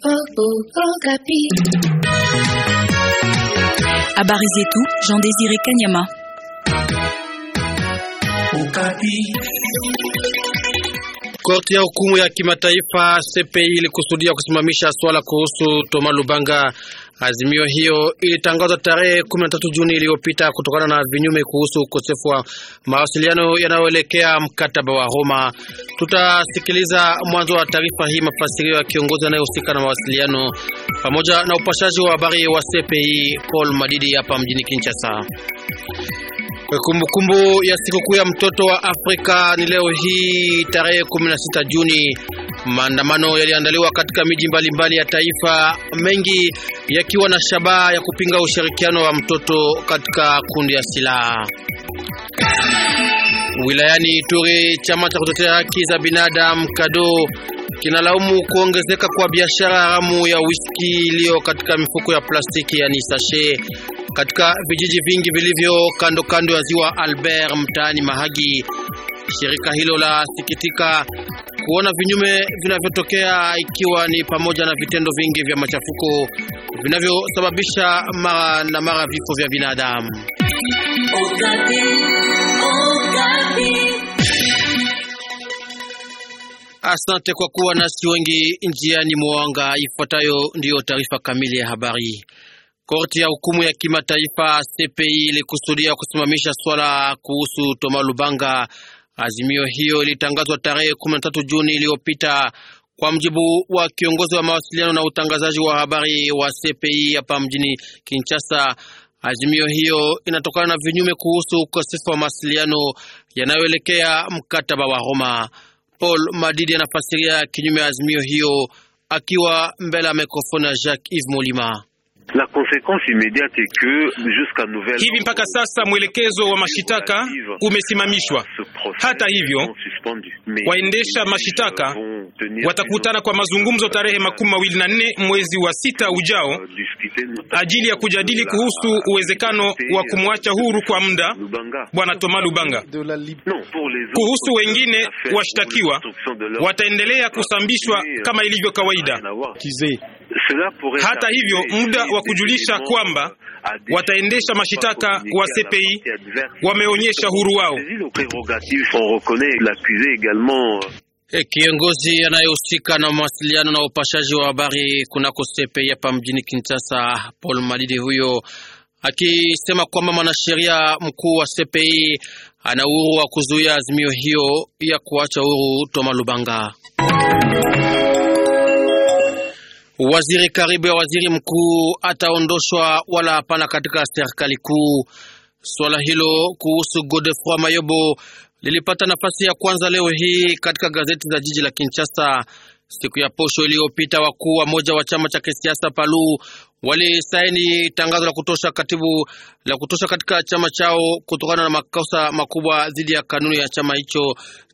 Topographie. À tout, Jean-Désiré Kanyama. Okapi. Korti ya hukumu ya kimataifa CPI ilikusudia kusimamisha swala kuhusu Toma Lubanga Azimio hiyo ilitangazwa tarehe 13 Juni iliyopita kutokana na vinyume kuhusu ukosefu wa mawasiliano yanayoelekea mkataba wa Roma. Tutasikiliza mwanzo wa taarifa hii mafasirio ya kiongozi anayehusika na mawasiliano pamoja na upashaji wa habari wa CPI Paul Madidi hapa mjini Kinshasa. Kumbukumbu ya sikukuu ya mtoto wa Afrika ni leo hii tarehe 16 Juni. Maandamano yaliandaliwa katika miji mbalimbali ya taifa, mengi yakiwa na shabaha ya kupinga ushirikiano wa mtoto katika kundi ya silaha. Wilayani Ituri, chama cha kutetea haki za binadamu Kado kinalaumu kuongezeka kwa biashara haramu ya whisky iliyo katika mifuko ya plastiki yani sachet katika vijiji vingi vilivyo kando kando ya ziwa Albert mtaani Mahagi. Shirika hilo la sikitika kuona vinyume vinavyotokea, ikiwa ni pamoja na vitendo vingi vya machafuko vinavyosababisha mara na mara vifo vya binadamu. Asante kwa kuwa nasi wengi njiani mwanga. Ifuatayo ndiyo taarifa kamili ya habari. Korti ya hukumu ya kimataifa CPI ilikusudia kusimamisha swala kuhusu Toma Lubanga Azimio hiyo ilitangazwa tarehe 13 Juni iliyopita kwa mjibu wa kiongozi wa mawasiliano na utangazaji wa habari wa CPI hapa mjini Kinshasa. Azimio hiyo inatokana na vinyume kuhusu ukosefu wa mawasiliano yanayoelekea mkataba wa Roma. Paul Madidi anafasiria kinyume ya azimio hiyo akiwa mbele ya mikrofoni ya Jacques Yves Molima. Hivi mpaka sasa mwelekezo wa mashitaka umesimamishwa. Hata hivyo, waendesha mashitaka watakutana kwa mazungumzo tarehe makumi mawili na nne mwezi wa sita ujao euh, ajili ya kujadili kuhusu uwezekano wa kumwacha huru kwa muda euh, bwana Toma Lubanga. Kuhusu wengine washtakiwa, wataendelea kusambishwa kama ilivyo kawaida. Euh, hata hivyo, muda wa kujulisha kwamba wataendesha mashitaka wa CPI wameonyesha huru wao. Eh, kiongozi anayehusika na mawasiliano na upashaji wa habari kunako CPI hapa mjini Kinshasa, Paul Madidi, huyo akisema kwamba mwanasheria mkuu wa CPI ana uhuru wa kuzuia azimio hiyo ya kuacha huru Toma Lubanga. Waziri karibu ya waziri mkuu ataondoshwa wala hapana katika serikali kuu. Swala hilo kuhusu godefroi Mayobo lilipata nafasi ya kwanza leo hii katika gazeti za jiji la Kinshasa. Siku ya posho iliyopita, wakuu wa moja wa chama cha kisiasa Palu walisaini tangazo la kutosha katibu la kutosha katika chama chao kutokana na makosa makubwa dhidi ya kanuni ya chama hicho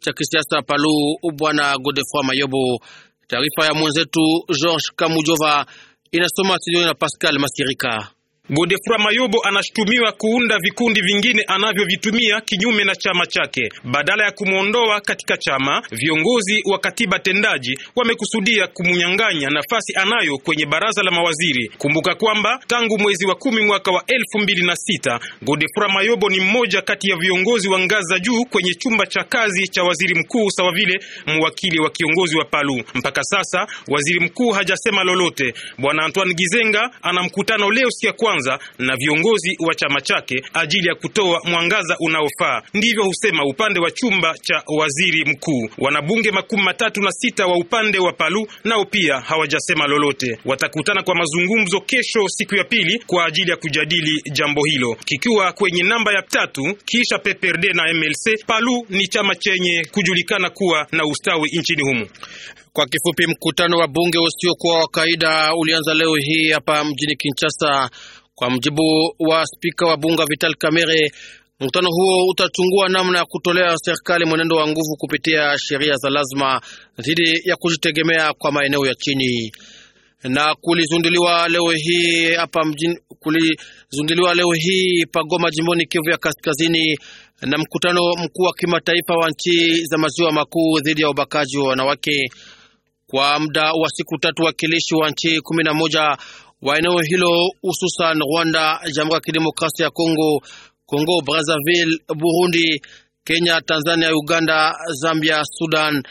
cha kisiasa Palu, bwana godefroi Mayobo. Taarifa ya mwenzetu George Kamujova inasoma studioni na Pascal Masirika. Godefroy Mayobo anashutumiwa kuunda vikundi vingine anavyovitumia kinyume na chama chake. Badala ya kumwondoa katika chama, viongozi wa katiba tendaji wamekusudia kumnyang'anya nafasi anayo kwenye baraza la mawaziri. Kumbuka kwamba tangu mwezi wa kumi mwaka wa elfu mbili na sita Godefroy Mayobo ni mmoja kati ya viongozi wa ngazi za juu kwenye chumba cha kazi cha waziri mkuu, sawa vile mwakili wa kiongozi wa Palu. Mpaka sasa waziri mkuu hajasema lolote. Bwana Antoine Gizenga ana mkutano leo siku ya kwanza na viongozi wa chama chake ajili ya kutoa mwangaza unaofaa. Ndivyo husema upande wa chumba cha waziri mkuu. Wanabunge makumi matatu na sita wa upande wa Palu nao pia hawajasema lolote. Watakutana kwa mazungumzo kesho, siku ya pili, kwa ajili ya kujadili jambo hilo, kikiwa kwenye namba ya tatu kisha PPRD na MLC. Palu ni chama chenye kujulikana kuwa na ustawi nchini humo. Kwa kifupi, mkutano wa bunge usiokuwa wa kawaida ulianza leo hii hapa mjini Kinshasa. Kwa mjibu wa spika wa bunga Vital Kamerhe, mkutano huo utachungua namna ya kutolea serikali mwenendo wa nguvu kupitia sheria za lazima dhidi ya kujitegemea kwa maeneo ya chini na kulizunduliwa leo hii hapa mjini, kulizunduliwa leo hii pagoma jimboni Kivu ya Kaskazini na mkutano mkuu wa kimataifa wa nchi za maziwa makuu dhidi ya ubakaji wa wanawake. Kwa muda wa siku tatu, wakilishi wa nchi kumi na moja wa eneo hilo hususan Rwanda, Jamhuri ya Kidemokrasia ya Kongo, Kongo Brazzaville, Burundi, Kenya, Tanzania, Uganda, Zambia, Sudan,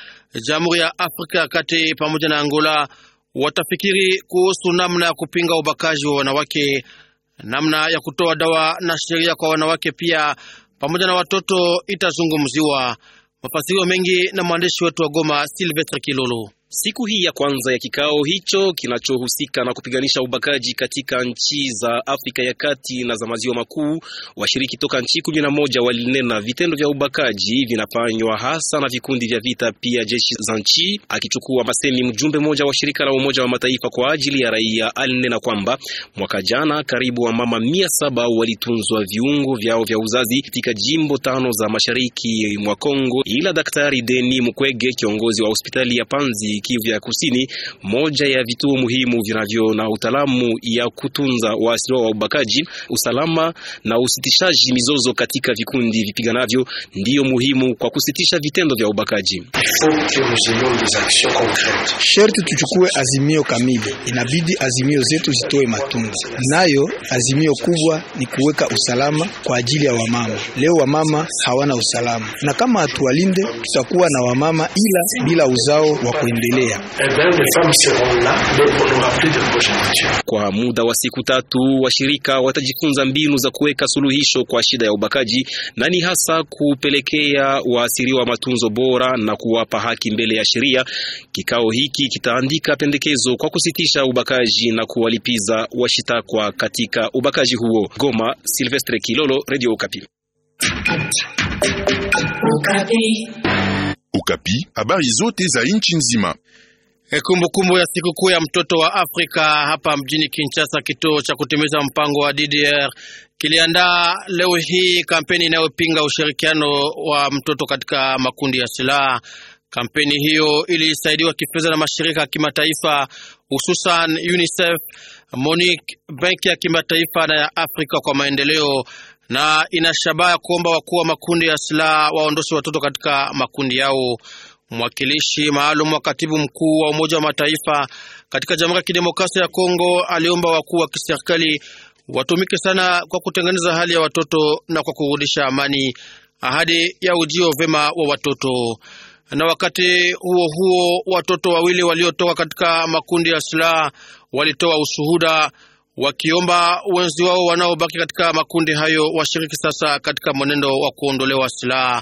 Jamhuri ya Afrika ya Kati pamoja na Angola watafikiri kuhusu namna ya kupinga ubakaji wa wanawake, namna ya kutoa dawa na sheria kwa wanawake pia pamoja na watoto itazungumziwa. Mafasirio mengi na mwandishi wetu wa Goma Silvestre Kilolo. Siku hii ya kwanza ya kikao hicho kinachohusika na kupiganisha ubakaji katika nchi za Afrika ya Kati na za maziwa makuu, washiriki toka nchi kumi na moja walinena vitendo vya ubakaji vinafanywa hasa na vikundi vya vita, pia jeshi za nchi. Akichukua masemi, mjumbe mmoja wa shirika la Umoja wa Mataifa kwa ajili ya raia alinena kwamba mwaka jana karibu mama mia saba walitunzwa viungo vyao vya uzazi katika jimbo tano za mashariki mwa Kongo, ila Daktari Deni Mukwege, kiongozi wa hospitali ya Panzi Kivu ya Kusini, moja ya vituo muhimu vinavyo na utaalamu ya kutunza waasiriwa wa ubakaji, usalama na usitishaji mizozo katika vikundi vipiganavyo, ndiyo muhimu kwa kusitisha vitendo vya ubakaji. Sherti tuchukue azimio kamili, inabidi azimio zetu zitoe matunda, nayo azimio kubwa ni kuweka usalama kwa ajili ya wamama. Leo wamama hawana usalama, na kama hatuwalinde tutakuwa na wamama ila bila uzao wa kuendelea kuendelea. Eh kwa muda wa siku tatu, washirika watajifunza mbinu za kuweka suluhisho kwa shida ya ubakaji na ni hasa kupelekea waasiriwa matunzo bora na kuwapa haki mbele ya sheria. Kikao hiki kitaandika pendekezo kwa kusitisha ubakaji na kuwalipiza washitakwa katika ubakaji huo. Goma, Silvestre Kilolo, Radio Okapi. Okapi. Ukapi, habari zote za nchi nzima. E, kumbukumbu ya sikukuu ya mtoto wa Afrika hapa mjini Kinshasa, kituo cha kutimiza mpango wa DDR kiliandaa leo hii kampeni inayopinga ushirikiano wa mtoto katika makundi ya silaha. Kampeni hiyo ilisaidiwa kifedha na mashirika ya kimataifa hususan UNICEF, Monique, Benki ya Kimataifa na ya Afrika kwa Maendeleo na ina shabaha ya kuomba wakuu wa makundi ya silaha waondoshe watoto katika makundi yao. Mwakilishi maalum wa katibu mkuu wa Umoja wa Mataifa katika Jamhuri ya Kidemokrasia ya Kongo aliomba wakuu wa kiserikali watumike sana kwa kutengeneza hali ya watoto na kwa kurudisha amani, ahadi ya ujio vema wa watoto. Na wakati huo huo, watoto wawili waliotoka katika makundi ya silaha walitoa ushuhuda wakiomba wenzi wao wanaobaki katika makundi hayo washiriki sasa katika mwenendo wa kuondolewa silaha.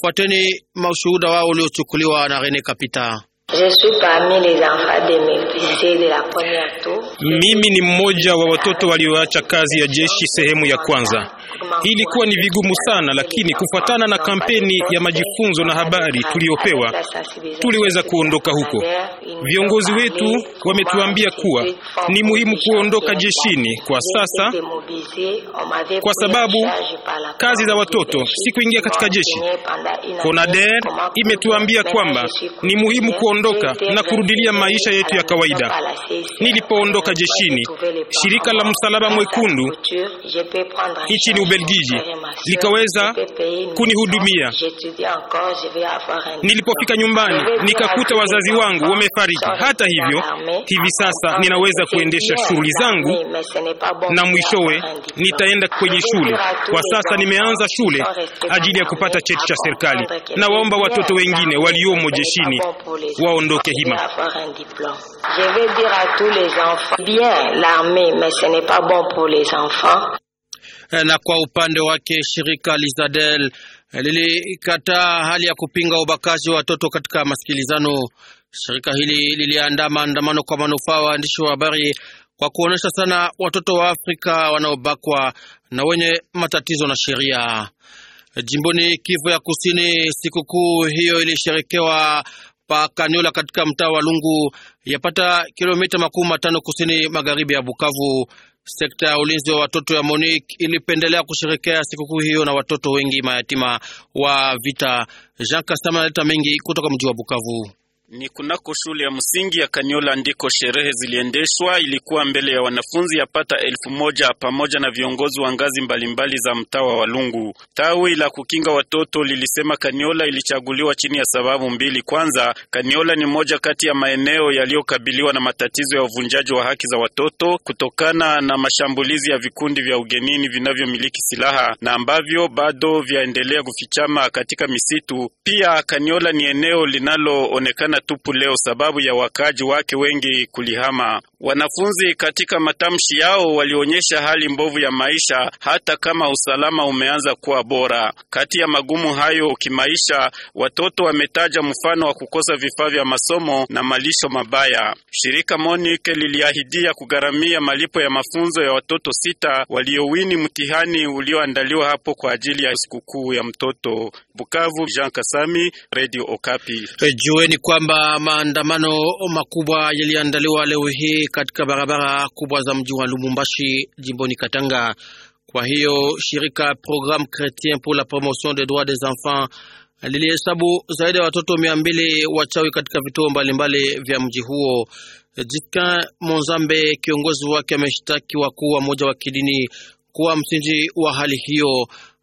Fuateni mashuhuda wao uliochukuliwa na Rene Kapita. Mimi ni mmoja wa watoto walioacha kazi ya jeshi sehemu ya kwanza. Ilikuwa ni vigumu sana, lakini kufuatana na kampeni ya majifunzo na habari tuliyopewa, tuliweza kuondoka huko. Viongozi wetu wametuambia kuwa ni muhimu kuondoka jeshini kwa sasa, kwa sababu kazi za watoto si kuingia katika jeshi. Konader imetuambia kwamba ni muhimu kuondoka na kurudilia maisha yetu ya kawaida. Nilipoondoka jeshini, shirika la Msalaba Mwekundu nchini Ubelgiji likaweza kunihudumia. Nilipofika nyumbani nikakuta wazazi wangu wamefariki. Hata hivyo, hivi sasa ninaweza kuendesha shughuli zangu na mwishowe nitaenda kwenye shule. Kwa sasa nimeanza shule ajili ya kupata cheti cha serikali. Nawaomba watoto wengine waliomo jeshini waondoke hima. Eh bien l'armée, mais ce n'est pas bon pour les enfants. Eh, na kwa upande wake shirika Lizadel eh, lilikataa hali ya kupinga ubakaji wa watoto katika masikilizano. Shirika hili liliandaa maandamano kwa manufaa waandishi wa habari kwa kuonyesha sana watoto wa Afrika wanaobakwa na wenye matatizo na sheria. Jimboni Kivu ya Kusini, sikukuu hiyo ilisherekewa pa Kaniola katika mtaa wa Lungu, yapata kilomita makumi matano kusini magharibi ya Bukavu. Sekta ya ulinzi wa watoto ya monique ilipendelea kusherekea sikukuu hiyo na watoto wengi mayatima wa vita. Jean Kasama analeta mengi kutoka mji wa Bukavu. Ni kunako shule ya msingi ya Kanyola ndiko sherehe ziliendeshwa. Ilikuwa mbele ya wanafunzi yapata elfu moja pamoja na viongozi wa ngazi mbalimbali za mtawa wa Lungu. Tawi la kukinga watoto lilisema Kanyola ilichaguliwa chini ya sababu mbili. Kwanza, Kanyola ni moja kati ya maeneo yaliyokabiliwa na matatizo ya uvunjaji wa haki za watoto kutokana na mashambulizi ya vikundi vya ugenini vinavyomiliki silaha na ambavyo bado vyaendelea kufichama katika misitu. Pia Kanyola ni eneo linaloonekana inaonekana tupu leo sababu ya wakaaji wake wengi kulihama. Wanafunzi katika matamshi yao walionyesha hali mbovu ya maisha hata kama usalama umeanza kuwa bora. Kati ya magumu hayo kimaisha, watoto wametaja mfano wa kukosa vifaa vya masomo na malisho mabaya. Shirika Monique liliahidia kugharamia malipo ya mafunzo ya watoto sita waliowini mtihani ulioandaliwa hapo kwa ajili ya sikukuu ya mtoto. Bukavu, Jean Kasami, Radio Okapi. Jueni kwamba maandamano makubwa yaliandaliwa leo hii katika barabara kubwa za mji wa Lumumbashi jimboni Katanga. Kwa hiyo shirika Programme Chretien pour la Promotion des Droits des Enfants lilihesabu zaidi ya watoto mia mbili wachawi katika vituo mbalimbali vya mji huo. Jiskin Monzambe, kiongozi wake, ameshtaki wakuu wa moja wa kidini kuwa msingi wa hali hiyo.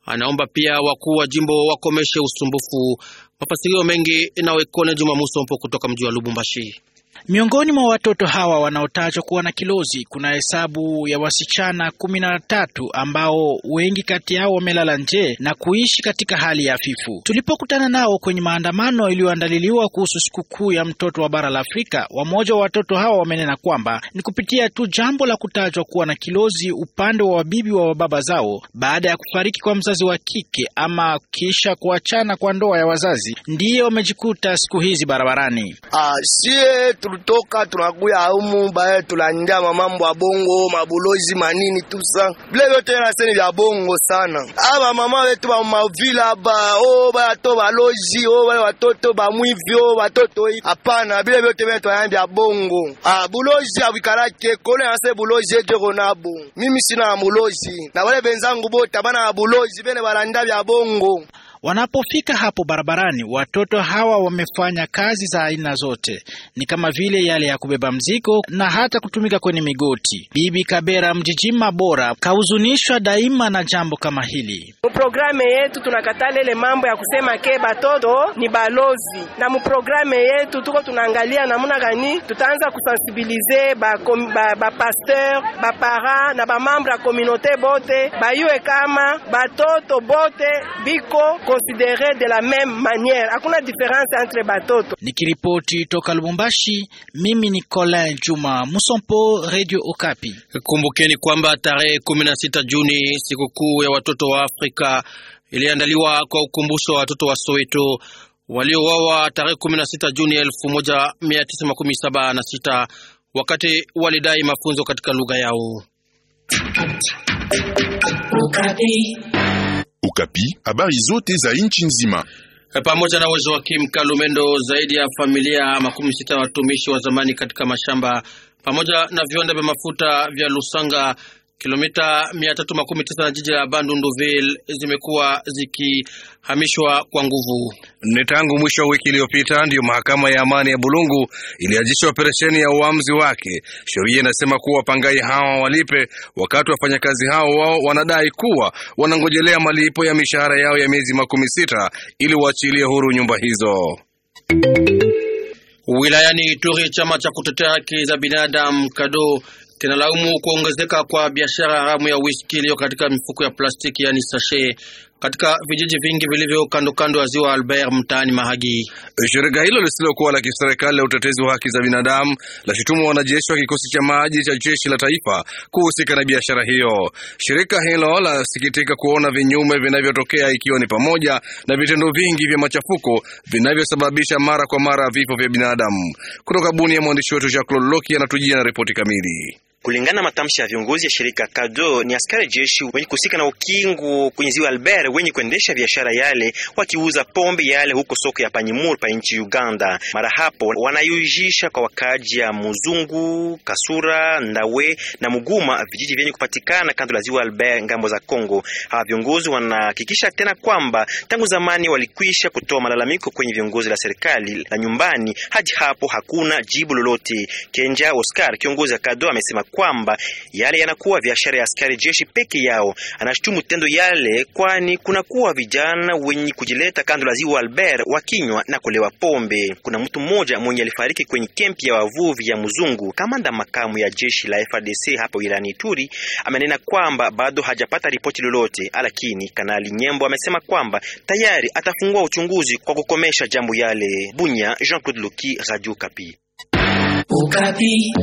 Anaomba pia wakuu wa jimbo wakomeshe usumbufu. Mapastilio mengi nawe kone Juma Musompo kutoka mji wa Lubumbashi. Miongoni mwa watoto hawa wanaotajwa kuwa na kilozi kuna hesabu ya wasichana kumi na tatu ambao wengi kati yao wamelala nje na kuishi katika hali ya fifu Tulipokutana nao kwenye maandamano iliyoandaliliwa kuhusu sikukuu ya mtoto wa bara la Afrika, wamoja wa watoto hawa wamenena kwamba ni kupitia tu jambo la kutajwa kuwa na kilozi upande wa wabibi wa wababa zao baada ya kufariki kwa mzazi wa kike ama kisha kuachana kwa ndoa ya wazazi ndiye wamejikuta siku hizi barabarani. Uh, tulitoka tunakuya humu bae tulandiama mambo ya bongo mabulozi manini tusa bile vyote naseni vya bongo sana aba ah, mama wetu ba mavila ba o oh, bato balozi o oh, bale watoto bamwivi o oh, batoto i hapana bile vyote vene tunayani vya bongo ah, bulozi abikalake kole nase bulozi yetu eko nabo mimi sina na bulozi na bale benzangu bota bana ya bulozi bene balanda vya bongo Wanapofika hapo barabarani, watoto hawa wamefanya kazi za aina zote, ni kama vile yale ya kubeba mzigo na hata kutumika kwenye migoti. Bibi Kabera Mjijima Bora kahuzunishwa daima na jambo kama hili. Muprograme yetu tunakatala ile mambo ya kusema ke batoto ni balozi, na muprograme yetu tuko tunaangalia namuna gani tutaanza kusensibilize bapasteur ba, ba bapara na bamambre ya komunote bote bayue kama batoto bote biko considérés de la même manière. Hakuna diferensa entre batoto. Nikiripoti toka Lubumbashi, mimi ni Colin Juma Musompo, Radio Okapi. Kumbukeni kwamba tarehe 16 Juni sikukuu ya watoto wa Afrika iliandaliwa kwa ukumbusho wa watoto wa Soweto waliowawa tarehe 16 Juni 1976 wakati walidai mafunzo katika lugha yao. Ukapi, habari zote za nchi nzima e, pamoja na uwezo wa kimkalumendo. Zaidi ya familia makumi sita watumishi wa zamani katika mashamba pamoja na viwanda vya mafuta vya Lusanga Kilomita 319 na jiji la Bandunduville zimekuwa zikihamishwa kwa nguvu. Ni tangu mwisho wa wiki iliyopita ndiyo mahakama ya amani ya Bulungu ilianzisha operesheni ya uamuzi wake. Sheria inasema kuwa wapangai hawa walipe, wakati wafanyakazi hao wao wanadai kuwa wanangojelea malipo ya mishahara yao ya miezi makumi sita ili waachilie huru nyumba hizo. Wilayani Ituri, chama cha kutetea haki za binadamu Kado Tinalaumu kuongezeka kwa biashara haramu ya whisky iliyo katika mifuko ya plastiki, yani sachet katika vijiji vingi vilivyo kando kando ya ziwa Albert mtaani Mahagi. Shirika hilo lisilokuwa la kiserikali la utetezi wa haki za binadamu la shutumu wanajeshi wa kikosi cha maji cha jeshi la taifa kuhusika na biashara hiyo. Shirika hilo lasikitika kuona vinyume vinavyotokea ikiwa ni pamoja na vitendo vingi vya machafuko vinavyosababisha mara kwa mara vifo vya binadamu. Kutoka Bunia, mwandishi wetu Jacques Loloki anatujia na ripoti kamili. Kulingana na matamshi ya viongozi ya shirika Kado, ni askari jeshi wenye kusika na ukingo kwenye ziwa Albert wenye kuendesha biashara yale wakiuza pombe yale huko soko ya Panyimur pa nchi Uganda. Mara hapo wanayujisha kwa wakaji ya Muzungu, Kasura, Ndawe na Muguma, vijiji vyenye kupatikana kando la ziwa Albert ngambo za Kongo. Hawa viongozi wanahakikisha tena kwamba tangu zamani walikwisha kutoa malalamiko kwenye viongozi la serikali la nyumbani, hadi hapo hakuna jibu lolote. Kenja Oscar, kiongozi ya Kado, amesema kwamba yale yanakuwa biashara ya askari jeshi peke yao. Anashutumu tendo yale, kwani kunakuwa vijana wenye kujileta kando la ziwa Albert wakinywa na kulewa pombe. Kuna mtu mmoja mwenye alifariki kwenye kempi ya wavuvi ya Mzungu. Kamanda makamu ya jeshi la frdc hapo wilayani Ituri amenena kwamba bado hajapata ripoti lolote, lakini Kanali Nyembo amesema kwamba tayari atafungua uchunguzi kwa kukomesha jambo yale. Bunya, Jean Claude Luki, Radio Kapi. Ukapi.